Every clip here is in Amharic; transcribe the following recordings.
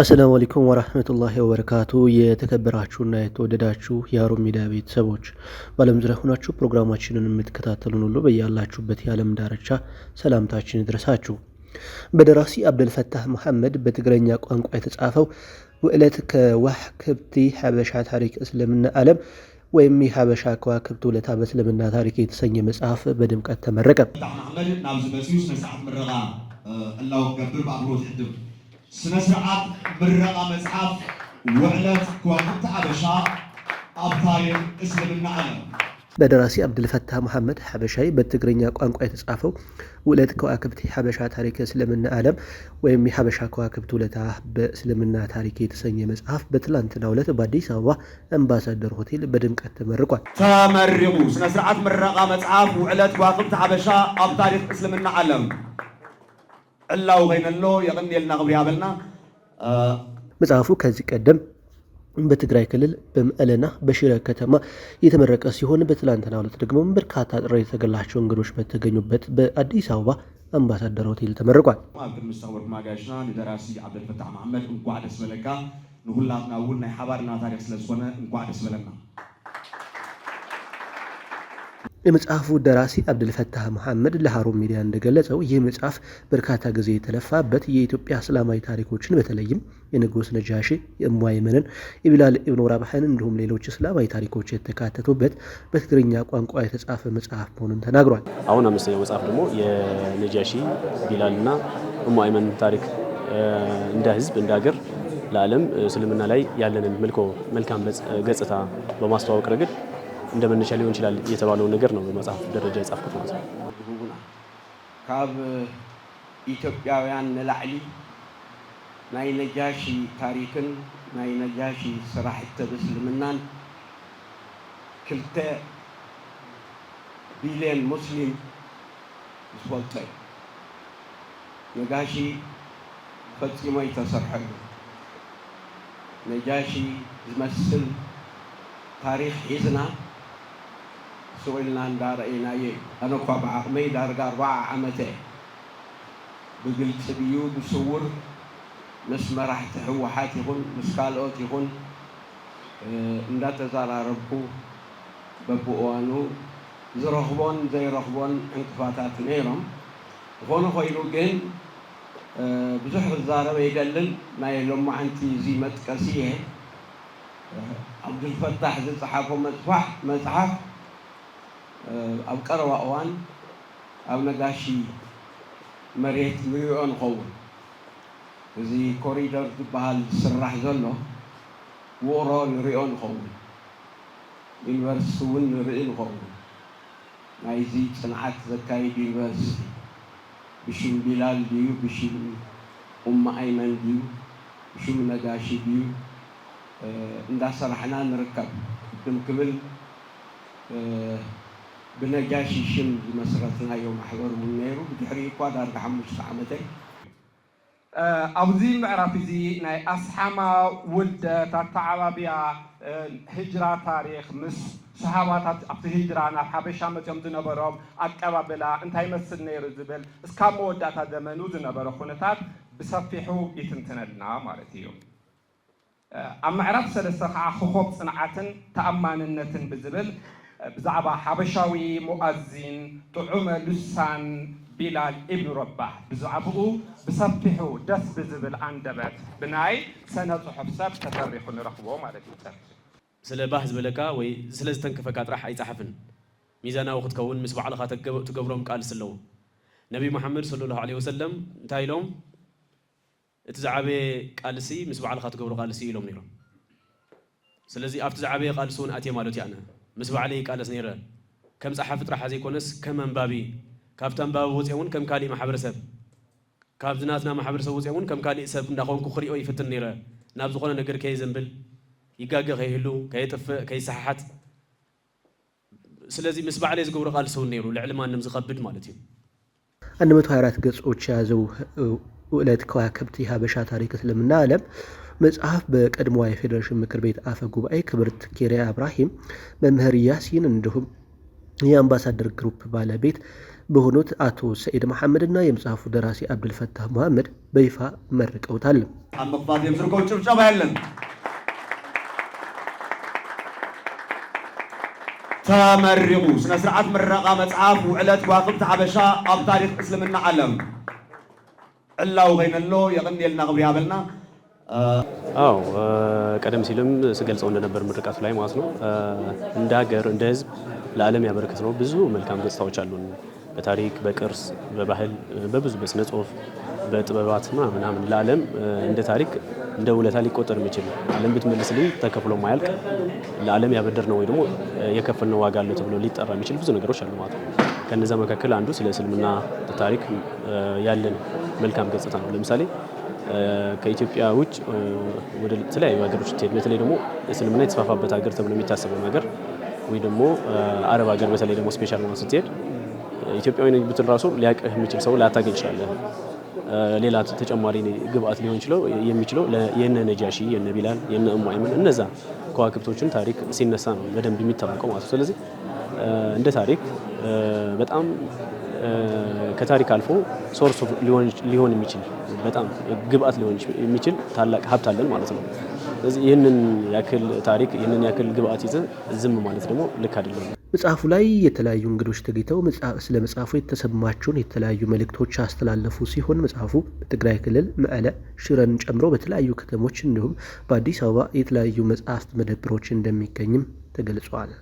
አሰላሙ አለይኩም ወራህመቱላሂ ወበረካቱ። የተከበራችሁና የተወደዳችሁ የሀሩን ሚዲያ ቤተሰቦች በዓለም ዙሪያ ሆናችሁ ፕሮግራማችንን የምትከታተሉን ሁሉ በያላችሁበት የዓለም ዳርቻ ሰላምታችን ይድረሳችሁ። በደራሲ አብደልፈታህ መሐመድ በትግረኛ ቋንቋ የተጻፈው ውዕለት ክብቲ ሀበሻ ታሪክ እስልምና ዓለም ወይም የሐበሻ ከዋክብት ውለታ በእስልምና ታሪክ የተሰኘ መጽሐፍ በድምቀት ተመረቀ። ስነ ስርዓት ምረቃ መጽሐፍ ውዕለት ከዋክብቲ ሓበሻ ኣብ ታሪክ እስልምና አለ። በደራሲ አብዱልፈታህ መሐመድ ሐበሻይ በትግርኛ ቋንቋ የተጻፈው ውለት ከዋክብት ሐበሻ ታሪክ እስልምና ዓለም ወይም የሐበሻ ከዋክብት ውለታ በእስልምና ታሪክ የተሰኘ መጽሐፍ በትላንትናው ውለት በአዲስ አበባ አምባሳደር ሆቴል በድምቀት ተመርቋል። ተመሪቁ ስነ ስርዓት ምረቃ መጽሐፍ ውዕለት ከዋክብቲ ሐበሻ ኣብ ታሪክ እስልምና ዓለም እላው በይነሎ የቅንዴልና ቅብሪ ያበልና መጽሐፉ ከዚህ ቀደም በትግራይ ክልል በመቀለና በሽረ ከተማ የተመረቀ ሲሆን በትላንትና ሁለት ደግሞ በርካታ ጥሪ የተገላቸው እንግዶች በተገኙበት በአዲስ አበባ አምባሳደር ሆቴል ተመርቋል። ምሳወር ማጋሽና ንደራሲ ዓብደልፈታሕ መሐመድ እንኳ ደስ በለካ ንሁላትና ውን ናይ ሓባርና ታሪክ ስለዝኮነ እንኳ ደስ በለና የመጽሐፉ ደራሲ አብድልፈታህ መሐመድ ለሀሩን ሚዲያ እንደገለጸው ይህ መጽሐፍ በርካታ ጊዜ የተለፋበት የኢትዮጵያ እስላማዊ ታሪኮችን በተለይም የንጉስ ነጃሺ፣ የእሙማይመንን፣ የቢላል ኢብን ራብሐን እንዲሁም ሌሎች እስላማዊ ታሪኮች የተካተቱበት በትግርኛ ቋንቋ የተጻፈ መጽሐፍ መሆኑን ተናግሯል። አሁን አምስተኛው መጽሐፍ ደግሞ የነጃሺ ቢላልና እሙማይመን ታሪክ እንደ ህዝብ እንደ ሀገር ለዓለም እስልምና ላይ ያለንን መልኮ መልካም ገጽታ በማስተዋወቅ ረገድ እንደ መነሻ ሊሆን ይችላል የተባለውን ነገር ነው በመጽሐፍ ደረጃ የጻፍኩት ማለት ነው። ካብ ኢትዮጵያውያን ንላዕሊ ናይ ነጃሺ ታሪክን ናይ ነጃሺ ስራሕቲ እስልምናን ክልተ ቢልዮን ሙስሊም ዝፈልጦ እዩ ነጋሺ ፈፂሞ ይተሰርሐሉ ነጃሺ ዝመስል ታሪክ ሒዝና ክብልናን እንዳርእይናየ ኣነ ብዓቕመይ ዳርጋ ኣርባዓ ዓመተ ብግልፂ ድዩ ብስውር ምስ መራሕቲ ህወሓት ይኹን ምስ ካልኦት ይኹን እንዳተዘራረብኩ በብእዋኑ ዝረኽቦን ዘይረኽቦን ዕንቅፋታት ነይሮም ዝኾነ ኮይኑ ግን ብዙሕ ክዛረበ የገልል ናይ ሎማዓንቲ እዚ መጥቀሲ እየ ዓብዱልፈታሕ ዝፀሓፎ መፅፋሕ መፅሓፍ ኣብ ቀረባ እዋን ኣብ ነጋሺ መሬት ንሪኦ ንኸውን እዚ ኮሪደር ዝበሃል ዝስራሕ ዘሎ ውቕሮ ንሪኦ ንኸውን ዩኒቨርስቲ እውን ንርኢ ንኸውን ናይዚ ፅንዓት ዘካይድ ዩኒቨርስቲ ብሽም ቢላል ድዩ ብሽም ኡማ ኣይመን ድዩ ብሽም ነጋሺ ድዩ እንዳሰራሕና ንርከብ ቅድም ክብል ብነጋሽ ሽም ዝመሰረትናዮ ማሕበር እውን ነይሩ ብድሕሪ እኳ ዳርጋ ሓሙሽተ ዓመተይ ኣብዚ ምዕራፍ እዚ ናይ ኣስሓማ ውልደት ኣተዓባብያ ህጅራ ታሪክ ምስ ሰሃባታት ኣብቲ ሂጅራ ናብ ሓበሻ መፅኦም ዝነበሮም ኣቀባብላ እንታይ መስል ነይሩ ዝብል እስካብ መወዳእታ ዘመኑ ዝነበረ ኩነታት ብሰፊሑ ይትንትነልና ማለት እዩ ኣብ ምዕራፍ ሰለስተ ከዓ ክኾብ ፅንዓትን ተኣማንነትን ብዝብል ብዛዕባ ሓበሻዊ ሙኣዚን ጥዑመ ልሳን ቢላል ኢብኑ ረባሕ ብዛዕባኡ ብሰፊሑ ደስ ብዝብል ኣንደበት ብናይ ሰነ ፅሑፍ ሰብ ተተሪኹ ንረኽቦ ማለት እዩ ስለ ባህ ዝበለካ ወይ ስለ ዝተንከፈካ ጥራሕ ኣይፃሓፍን ሚዛናዊ ክትከውን ምስ ባዕልኻ ትገብሮም ቃልስ ኣለዉ ነቢ ሙሓመድ صለ ላሁ ለ ወሰለም እንታይ ኢሎም እቲ ዝዓበየ ቃልሲ ምስ ባዕልኻ ትገብሮ ቃልሲ ኢሎም ነይሮም ስለዚ ኣብቲ ዝዓበየ ቃልሲ እውን ኣትየ ማለት እዩ ኣነ مس بعلي قالس نيره كم صحف فطره حزي كونس كم انبابي كابتن باب وزيون كم كالي محبرسب كاب زناتنا محبرسب وزيون كم كالي سب نخون كخري او يفتن نيره ناب زخونه نغير كاي زنبل يغاغ غيهلو كيطف كيسححت سلازي مس بعلي زغور قال سو نيرو لعلم انم زخبد مالتي 124 غصوچ يازو ولات كواكبتي هابشا تاريخ اسلامنا عالم መጽሐፍ በቀድሞዋ የፌዴሬሽን ምክር ቤት አፈ ጉባኤ ክብርት ኬሪያ አብራሂም መምህር ያሲን እንዲሁም የአምባሳደር ግሩፕ ባለቤት በሆኑት አቶ ሰኢድ እና የመጽሐፉ ደራሲ አብዱልፈታህ መሐመድ በይፋ መርቀውታል። አመቅፋት የምስርቆች ጭብጨባ ያለን ተመሪቁ ስነ ስርዓት ምረቃ መጽሐፍ ውዕለት ከዋክብቲ ሓበሻ ኣብ ታሪክ እስልምና ዓለም ዕላው ኮይነሎ የቕኒየልና ክብሪ ያበልና አዎ ቀደም ሲልም ስገልጸው እንደነበር ምርቃቱ ላይ ማለት ነው እንደ ሀገር እንደ ህዝብ ለዓለም ያበረከት ነው ብዙ መልካም ገጽታዎች አሉን። በታሪክ በቅርስ በባህል በብዙ በስነ ጽሁፍ በጥበባት ምናምን ለዓለም እንደ ታሪክ እንደ ውለታ ሊቆጠር የሚችል ዓለም ብትመልስልኝ ተከፍሎ ማያልቅ ለዓለም ነው ወይ ደግሞ የከፈልነው ዋጋ ለው ተብሎ ሊጠራ የሚችል ብዙ ነገሮች አሉ ማለት ነው። ከነዛ መካከል አንዱ ስለ እስልምና ታሪክ ያለን መልካም ገጽታ ነው። ለምሳሌ ከኢትዮጵያ ውጭ ወደ ተለያዩ ሀገሮች ትሄድ በተለይ ደግሞ እስልምና የተስፋፋበት ሀገር ተብሎ የሚታሰበው ሀገር ወይ ደግሞ አረብ ሀገር በተለይ ደግሞ ስፔሻል ሆነ ስትሄድ ኢትዮጵያዊ ነኝ ብትል ራሱ ሊያቅህ የሚችል ሰው ላታገኝ ይችላለህ። ሌላ ተጨማሪ ግብአት ሊሆን ይችለው የሚችለው የነ ነጃሺ፣ የነ ቢላል፣ የነ እሙ አይመን እነዛ ከዋክብቶችን ታሪክ ሲነሳ ነው በደንብ የሚታወቀው ማለት ነው። ስለዚህ እንደ ታሪክ በጣም ከታሪክ አልፎ ሶርስ ሊሆን የሚችል በጣም ግብአት ሊሆን የሚችል ታላቅ ሀብት አለን ማለት ነው። ስለዚህ ይህንን ያክል ታሪክ ይህንን ያክል ግብአት ይዘ ዝም ማለት ደግሞ ልክ አይደለም። መጽሐፉ ላይ የተለያዩ እንግዶች ተገኝተው ስለ መጽሐፉ የተሰማቸውን የተለያዩ መልእክቶች አስተላለፉ ሲሆን መጽሐፉ በትግራይ ክልል መቀለ፣ ሽረን ጨምሮ በተለያዩ ከተሞች እንዲሁም በአዲስ አበባ የተለያዩ መጽሐፍት መደብሮች እንደሚገኝም ተገልጿል።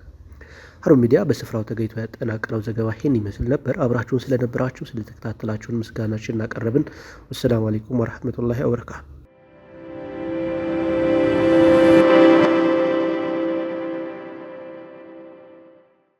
ሀሩን ሚዲያ በስፍራው ተገኝቶ ያጠናቀረው ዘገባ ይህን ይመስል ነበር። አብራችሁን ስለነበራችሁ ስለተከታተላችሁን ምስጋናችን እናቀረብን። ወሰላሙ አሌይኩም ወረህመቱላሂ ወበረካቱ።